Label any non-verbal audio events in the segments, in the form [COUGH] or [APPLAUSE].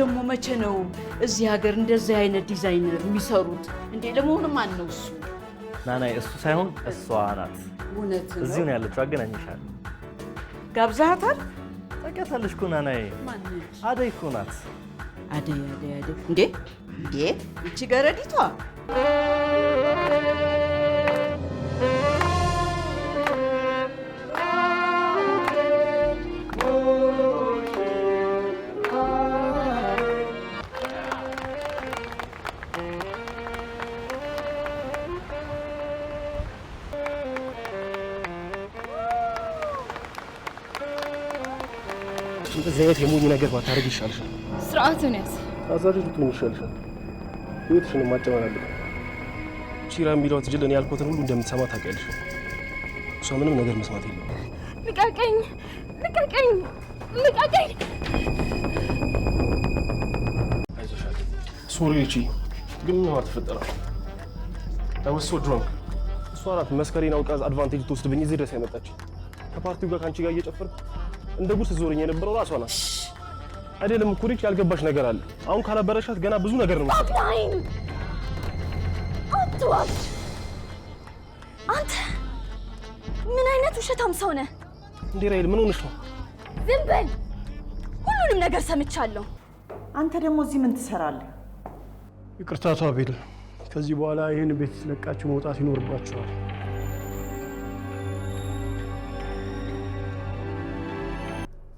ደግሞ መቼ ነው እዚህ ሀገር እንደዚህ አይነት ዲዛይነር የሚሰሩት እንዴ? ለመሆኑ ማን ነው እሱ? ናና እሱ ሳይሆን እሷ ናት። እውነት ነው። እዚህ ነው ያለችው። አገናኝሻለሁ። ጋብዛታል? ታውቂያታለሽ እኮ ናናዬ። አደይ እኮ ናት። አደይ አደይ አደይ። እንዴ እንዴ! እቺ ገረዲቷ እንደዚህ አይነት የሞኝ ነገር ባታደርግ ይሻልሻል። ስርዓትን ያዝ። አዛዦች ብትሆን ይሻልሻል። ህይወትሽን ማጨመላለቅ ቺራ የሚለዋት ጅል እኔ ያልኩትን ሁሉ እንደምትሰማ ታውቂያለሽ። እሷ ምንም ነገር መስማት የለም። ልቀቀኝ! ልቀቀኝ! ልቀቀኝ! አይዞሻል። ሶሪ እቺ ግን ምን ሆና ተፈጠረ? አይወሶ ድሮንክ እሷ ናት መስከሬን አውቃዝ አድቫንቴጅ ትወስድብኝ እዚህ ድረስ ያመጣች ከፓርቲው ጋር ከአንቺ ጋር እየጨፈርኩ እንደ ጉድ ስትዞርኝ የነበረው ራሷ ናት። አይደለም እኮ ያልገባሽ ነገር አለ። አሁን ካላበረሻት ገና ብዙ ነገር ነው። አንተ ምን አይነት ውሸታም ሰው ነህ እንዴ? ራይል ምን ሆነሽ ነው? ዝም በል። ሁሉንም ነገር ሰምቻለሁ። አንተ ደግሞ እዚህ ምን ትሰራለህ? ይቅርታቷ ቤል፣ ከዚህ በኋላ ይህን ቤት ለቃችሁ መውጣት ይኖርባችኋል።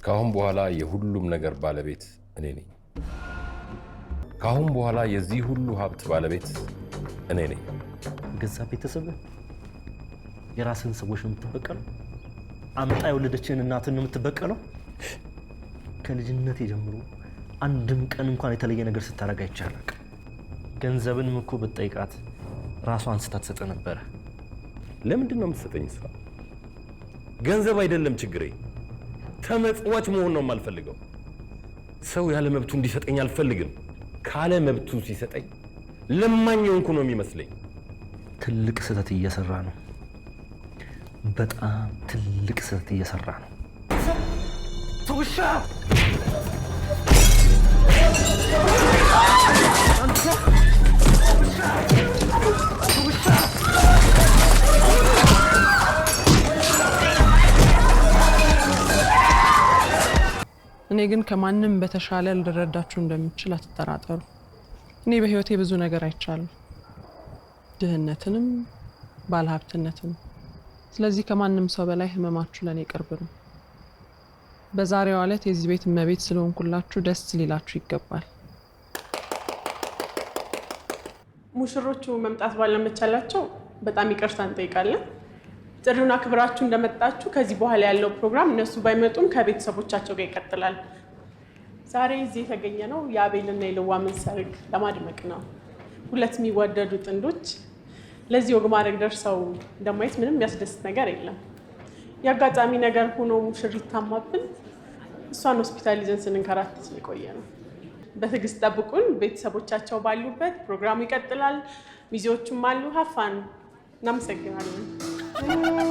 ከአሁን በኋላ የሁሉም ነገር ባለቤት እኔ ነኝ። ከአሁን በኋላ የዚህ ሁሉ ሀብት ባለቤት እኔ ነኝ። ገዛ ቤተሰብ የራስን ሰዎች ነው የምትበቀለው። አምጣ የወለደችን እናትን ነው የምትበቀለው። ከልጅነቴ ጀምሮ አንድም ቀን እንኳን የተለየ ነገር ስታደርግ አይቻልም። ገንዘብንም እኮ ብትጠይቃት ራሷ አንስታ ትሰጥ ነበረ። ለምንድን ነው የምትሰጠኝ? ስራ ገንዘብ አይደለም ችግሬ ተመጽዋች መሆን ነው የማልፈልገው። ሰው ያለ መብቱ እንዲሰጠኝ አልፈልግም። ካለ መብቱ ሲሰጠኝ ለማኝ ሆንኩ ነው የሚመስለኝ። ትልቅ ስህተት እየሰራ ነው። በጣም ትልቅ ስህተት እየሰራ ነው። ውሻ አንተ እኔ ግን ከማንም በተሻለ ልረዳችሁ እንደምችል አትጠራጠሩ። እኔ በህይወቴ ብዙ ነገር አይቻለሁ፣ ድህነትንም ባለሀብትነትንም። ስለዚህ ከማንም ሰው በላይ ህመማችሁ ለእኔ ቅርብ ነው። በዛሬው ዕለት የዚህ ቤት እመቤት ስለሆንኩላችሁ ደስ ሊላችሁ ይገባል። ሙሽሮቹ መምጣት ባለመቻላቸው በጣም ይቅርታ እንጠይቃለን። ጥሪውን አክብራችሁ እንደመጣችሁ ከዚህ በኋላ ያለው ፕሮግራም እነሱ ባይመጡም ከቤተሰቦቻቸው ጋር ይቀጥላል። ዛሬ እዚህ የተገኘ ነው የአቤልና የልዋምን ሰርግ ለማድመቅ ነው። ሁለት የሚወደዱ ጥንዶች ለዚህ ወግ ማድረግ ደርሰው እንደማየት ምንም የሚያስደስት ነገር የለም። የአጋጣሚ ነገር ሆኖ ሙሽሪት ታማብን፣ እሷን ሆስፒታል ይዘን ስንንከራተት የቆየ ነው። በትዕግስት ጠብቁን። ቤተሰቦቻቸው ባሉበት ፕሮግራሙ ይቀጥላል። ሚዜዎቹም አሉ። ሀፋን እናመሰግናለን። Thank [LAUGHS] you.